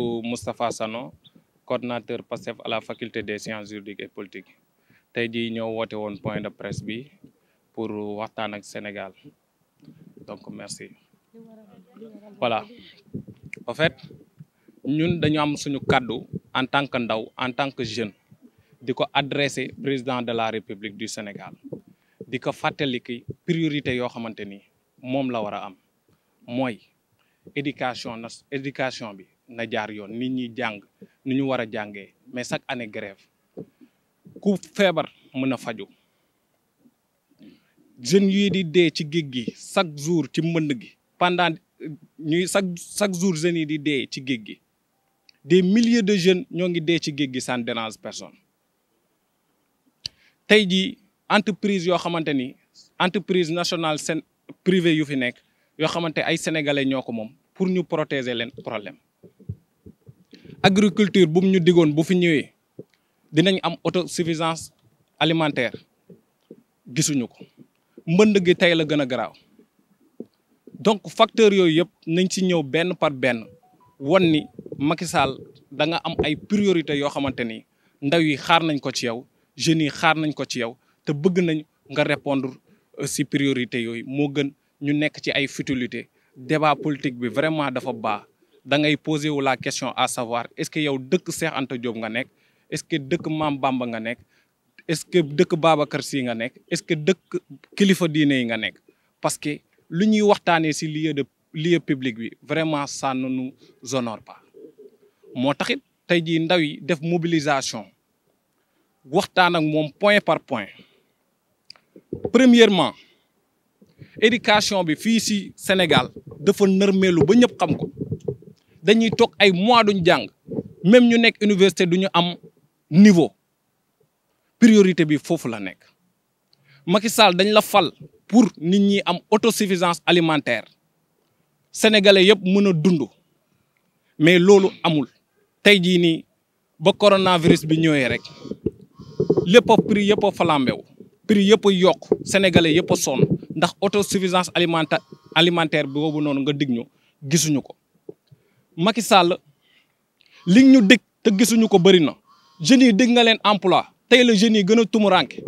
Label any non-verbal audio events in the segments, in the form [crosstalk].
Moustapha Sano coordonnateur PASTEF à la faculté de sciences juridiques et politiques tey jii ñëw woote woon point de presse bi pour waxtaan ak Sénégal donc merci voilà en fait ñun dañu am suñu kàddu en tant que ndaw en tant que jeune di ko adressé président de la République du Sénégal di ko fàttaliki priorité yoo xamante ni moom la war a am mooy éducation na éducation bi na jaar yoon nit ñi jàng nu ñu war a jàngee mais chaque année grève ku feebar mën a faju jeunes yi di dee ci géej gi chaque jour ci mbënd gi pendant ñuy chaque chaque jour jeunes yi di dee ci géej gi des milliers de jeunes ñoo ngi dee ci géej gi cent dérange personnes tey jii entreprise yoo xamante ni entreprise nationale sen privée yu fi nekk yoo xamante ay sénégalais ñoo ko moom pour ñu protéger leen problème agriculture bu ñu digoon bu fi ñëwee dinañ am auto suffisance alimentaire gisuñu ko mbënd gi tey la gën a garaaw donc facteurs yooyu yëpp nañ ci ñëw benn par benn wan ni Macky Sall da nga am ay priorités yoo xamante ni ndaw xaar nañ ko ci yow jeunes yi xaar nañ ko ci yow te bëgg nañ nga répondre ci euh, priorité yooyu moo gën ñu nekk ci ay futilité débat politique bi vraiment dafa baax da ngay posé wu la question à savoir est-ce que yaw dëkk Cheikh Anta nga nekk est-ce que dëkk Maam Bamba nga nekk est-ce que dëkk Babacar Sy nga nekk est-ce que dëkk kilifa diine yi nga nekk parce que lu ñuy waxtaanee si lieu de lieu public bi vraiment ça ne nous honore pas moo taxit tey jii ndaw yi def mobilisation waxtaan ak moom point par point premièrement éducation bi fii si Sénégal dafa nërmeelu ba ñëpp xam ko dañuy toog ay mois duñu jàng même ñu nekk université ñu am niveau priorité bi foofu la nekk Macky Sall dañ la fal pour nit ñi am autosuffisance alimentaire sénégalais yëpp mën a dund mais loolu amul tey jii nii ba coronavirus bi ñëwee rek lépp a prix yëpp a falambew prix yëpp a yokk sénégalais yëpp a sonn ndax autosuffisance alimentaire alimentaire boobu noonu nga dig ñu gisuñu ko Macky Sall li ñu dégg te gisuñu ko bëri na jeunes yi dégg nga leen emploi tey la jeunes yi gën a tumuranke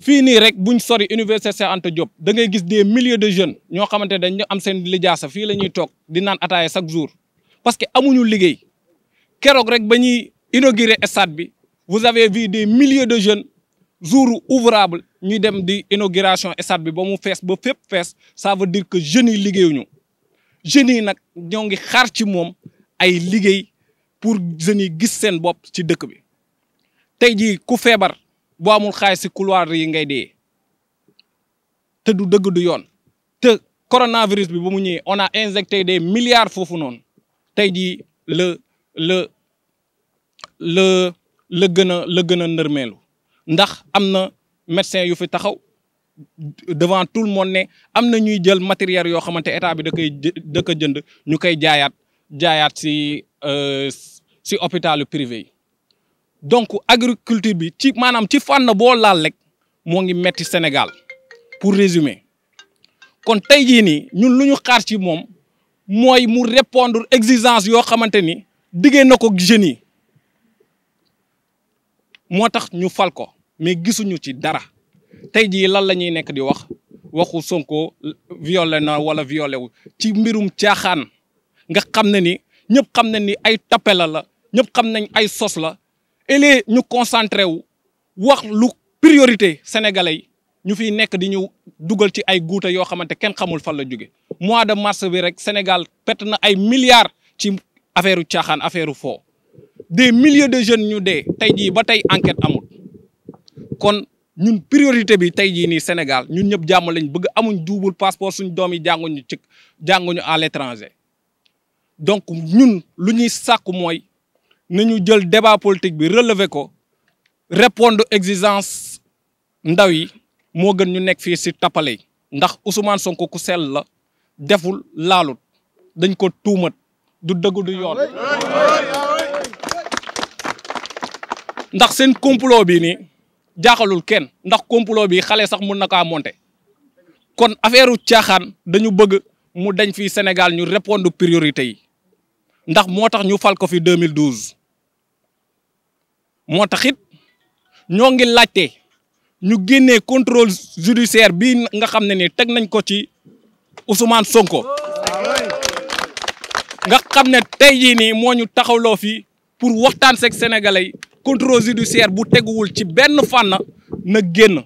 fii nii rek buñ sori université Cheikh Anta Diop da ngay gis des milliers de jeunes ñoo xamante ne dañu am seen lijaasa fii la ñuy toog di naan ataaya chaque jour parce que amuñu liggéey keroog rek ba ñuy inaugurer stade bi vous avez vu des milliers de jeunes jour ouvrable ñuy dem di inauguration stade bi ba mu fees ba fépp fees ça veut dire que jeunes yi liggéeyuñu jeunes yi nag ñoo ngi xaar ci moom ay liggéey pour jeunes yi gis seen bopp ci dëkk bi tey jii ku feebar boo amul xaalis ci couloir yi ngay dee te du dëgg du yoon te coronavirus bi ba mu ñëwee on a injecté des milliards foofu noonu tey jii la la la la gën a la gën a nërmeelu ndax am na médecin yu fi taxaw devant tout le monde ne am na ñuy jël matériel yoo xamante état bi da koy da jënd ñu koy jaayaat jaayaat si si euh, hôpitalu privé yi donc agriculture bi ci maanaam ci fànn boo laal rek moo ngi metti Sénégal pour résumer kon tey jii nii ñun lu ñu xaar ci moom mooy mu répondre exigence yoo xamante ni diggee na ko jeunes yi moo tax ñu fal ko mais gisuñu ci dara tey jii lan la ñuy nekk di wax waxu Sonko violé na wala violé wu ci mbirum caaxaan nga xam na ni ñëpp xam na ni ay tapela la ñëpp xam nañ ay sos la ëllëg ñu concentré wu wax lu priorité sénégalais ñu fiy nekk di ñu dugal ci ay guuta yoo xamante kenn xamul fan la jóge mois de mars bi rek Sénégal pet na ay milliards ci affaire caaxaan affaire foo des milliers de jeunes ñu dee tey jii ba tey enquête amul ñun priorité bi tey jii nii Sénégal ñun ñëpp jàmm lañ bëgg amuñ double passeport suñ doom yi jànguñu ci jànguñu à donc ñun lu ñuy sàkku mooy nañu jël débat politique bi relever ko répondre exigence ndaw yi moo gën ñu nekk fii si tappale yi ndax Ousmane Sonko ku sell la deful laalut dañ ko tuumat du dëgg du yoon ndax seen complot bi nii jaaxalul kenn ndax complot bi xale sax mun na kaa monter kon affaire u caaxaan dañu bëgg mu dañ fi Sénégal ñu répondre priorité yi ndax moo tax ñu fal ko fi 2012 moo tax it ñoo ngi laajte ñu génnee contrôle judiciaire bi nga xam ne ni teg nañ ko ci Ousmane Sonko nga xam ne tey jii nii moo ñu taxawloo fii pour waxtaan seeg sénégalais contrôle judiciaire bu teguwul ci benn fànn na génn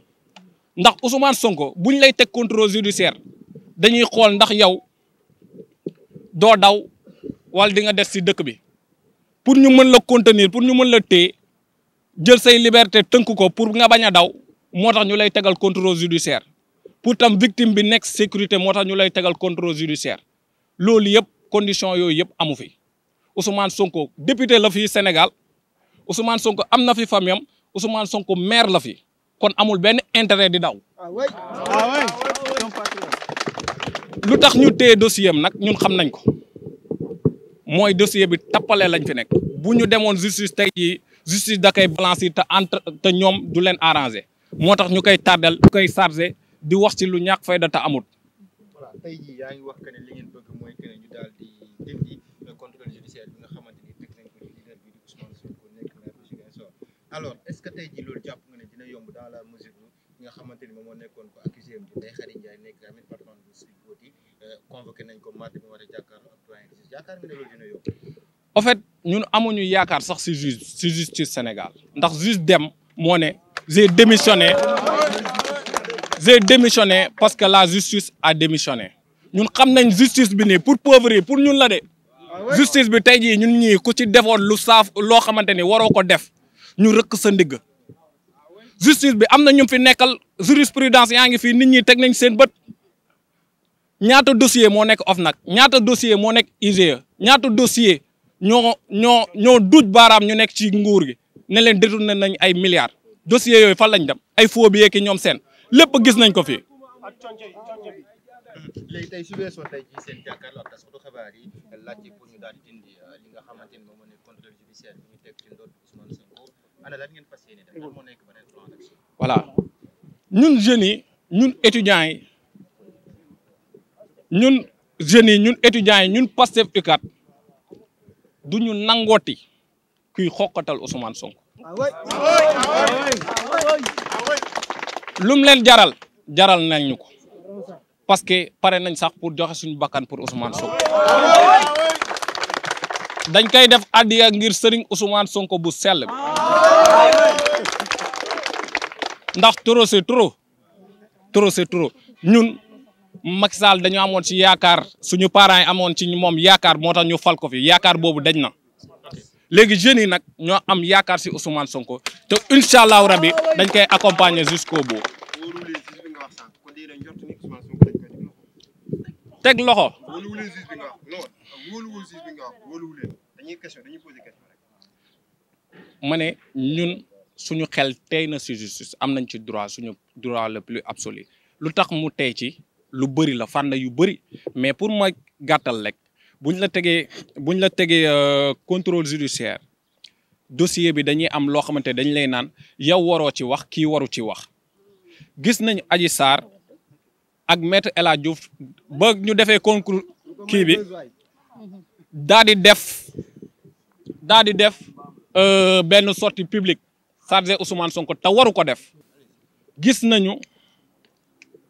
ndax Ousmane Sonko bu ñu lay teg contrôle judiciaire dañuy xool ndax yow doo daw wala di nga des si dëkk bi pour ñu mën la contenir pour ñu mën la téye jël say liberté tënk ko pour nga bañ a daw moo tax ñu lay tegal contrôle judiciaire pour tam victime bi nekk sécurité moo tax ñu lay tegal contrôle judiciaire loolu yëpp condition yooyu yëpp amu fi Ousmane Sonko député la fii Sénégal Ousmane Sonko am na fi famille am Ousmane Sonko maire la fi kon amul benn intérêt di daw. lu tax ñu téye dossier am nag ñun xam nañ ko mooy dossier bi tappale lañ fi nekk bu ñu demoon justice tey jii justice da koy balance te entre te ñoom du leen arrangé moo tax ñu koy tardel ñu koy chargé di wax ci lu ñàkk fayda te amut. voilà tey jii alors est-ce que tey jàpp nga ne dina yomb nga xamante ni moom moo nekkoon ko accusé bi Ndeye Khady Ndiaye nekk euh, nañ ko mardi fait ñun amuñu yaakaar sax si juge si justice Sénégal ndax juge dem moo ne j'ai démissionné j'ai démissionné parce que la justice a démissionné ñun xam nañ justice bi ni pour pauvres yi pour ñun la de ah justice bi tey jii ñun ñii ku ci defoon lu saaf loo xamante ni waroo ko def. ñu rëkk sa ndigg justice bi am na ñu fi nekkal jurisprudence yaa ngi fi nit ñi teg nañ seen bët ñaata dossier moo nekk OFNAC ñaata dossier moo nekk IGE ñaata dossier ñoo ñoo ñoo duj baaraam ñu nekk ci nguur gi ne leen détourné nañ ay milliards dossiers yooyu fan lañ dem ay faux billets ñoom seen lépp gis nañ ko fi [coughs] léegi tey su weesoo tey jii seen jàkkaarloo ak taskatu xibaar yi laajte pour ñu daal di dindi euh, li nga xamante ni moom moo nekk contrôle judiciaire bi ñu teg ci ndodd Ousmane Sonko ana voilà ñun jeunes yi ñun étudiants yi ñun jeunes yi ñun étudiants yi ñun Pastef UCAD du ñu nangooti kuy xoqatal Ousmane Sonko lum leen jaral jaral nañ ko parce que pare nañ sax pour joxe suñu bakkan pour Ousmane Sonko dañ koy def addiya ngir Serigne Ousmane Sonko bu sell ndax trop c'est trop trop c'est ñun Macky Sall dañu amoon si yaakaar suñu parents yi amoon ci moom yaakaar moo tax ñu fal ko fi yaakaar boobu dañ na léegi jeunes yi nag ñoo am yaakaar si Ousmane Sonko te incha allahu rabi dañ koy accompagner jusqu'au bo teg loxo. ma ne ñun suñu xel tey na si justice am nañ ci droit suñu droit le plus absolu lu tax mu tey ci lu bëri la fànn yu bëri mais pour ma gàttal rek buñ la tegee buñ la tegee euh, contrôle judiciaire dossier bi dañuy am loo xamante dañ lay naan yow waroo ci wax kii waru ci wax gis nañu aji Sarr ak maître El Hadj Diouf ba ñu defee concours kii bi daa di def daa di def euh, benn sorti publique chargé Ousmane Sonko te waru ko def. gis nañu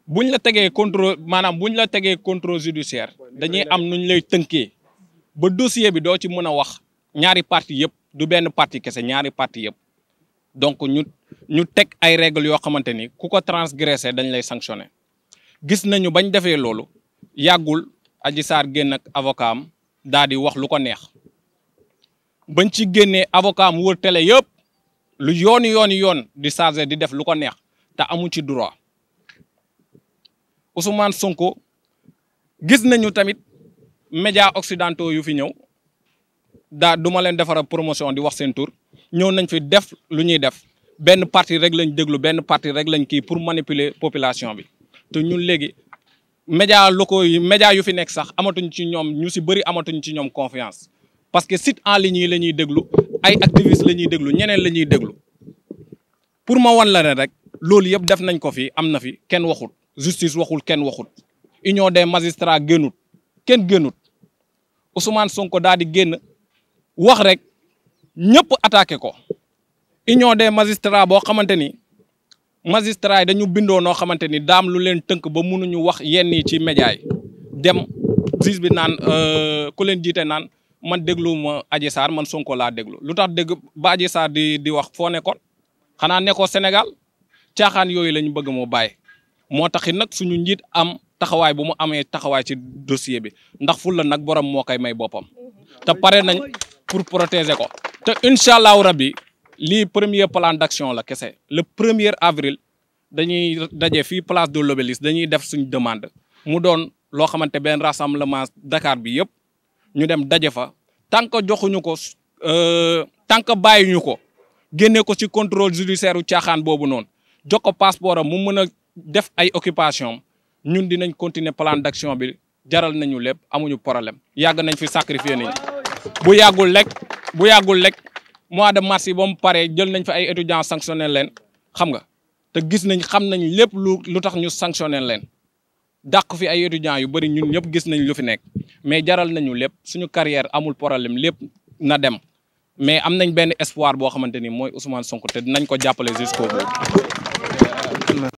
buñ la tegee contrôle maanaam buñ la tegee contrôle judiciaire dañuy am nuñ lay tënkee ba dossier bi doo ci mën a wax ñaari parti yëpp du benn partie kese ñaari parti yëpp donc ñu ñu teg ay règles yoo xamante ni ku ko transgressé dañ lay sanctionné. gis nañu bañ defee loolu yàggul Adji Sarr génn ak avocat am daal di wax lu ko neex bañ ci génnee avocat am wër télé yëpp lu yoon yooni yoon di chargé di def lu ko neex te amu ci droit Ousmane Sonko gis nañu tamit médias occidentaux yu fi ñëw daa duma leen defara promotion di wax seen tur ñëw nañ fi def lu ñuy def benn parti rek lañ déglu benn parti rek lañ kii pour manipuler population bi te ñun léegi média locaux yi média yu fi nekk sax amatuñ ci ñoom ñu si bëri amatuñ ci ñoom confiance parce que site en li yi la ñuy déglu ay activistes la ñuy déglu ñeneen la ñuy déglu pour ma wan la rek loolu yëpp def nañ ko fi am na fi kenn waxut justice waxul kenn waxut union des magistrats génut kenn génut Ousmane Sonko daal di génn wax rek ñëpp attaqué ko union des magistrats boo xamante magistrat yi dañu bindoo noo xamante ni daam lu leen tënk ba mun ñu wax yenn yi ci média dem juge bi naan euh, ku leen jiite naan man déglu ma Adji Sarr man Sonko laa déglu lu tax dégg ba Adji di di wax foo nekkoon xanaa nekkoo Sénégal caaxaan yooyu la ñu bëgg moo bàyyi moo taxit nag suñu njiit am taxawaay bu mu amee taxawaay ci dossier bi ndax fulla nag borom moo koy may boppam te pare nañ pour protéger ko te incha allahu rabbi lii premier plan d'action la kese le premier avril dañuy daje fii place de l'Obélisque dañuy def suñ demande mu doon loo xamante benn rassemblement Dakar bi yëpp ñu dem daje fa tant que joxuñu ko euh, tant que bàyyiñu ko génne ko si contrôle judiciaire u caaxaan boobu noonu jox ko passeport a mu mën a def ay occupation ñun dinañ continuer plan d'action bi jaral nañu lépp amuñu problème yàgg nañ fi sacrifier nañ bu yàggul lekk mois de mars yi paree jël nañ fa ay étudiants sanctionné leen xam nga te gis nañ xam nañ lépp lu lu tax ñu sanctionné leen dàq fi ay étudiants yu bëri ñun ñëpp gis nañ lu fi nekk mais jaral nañu lépp suñu carrière amul problème lépp na dem mais am nañ benn espoir boo xamante ni mooy Ousmane Sonko te dinañ ko jàppale jusqu'au bout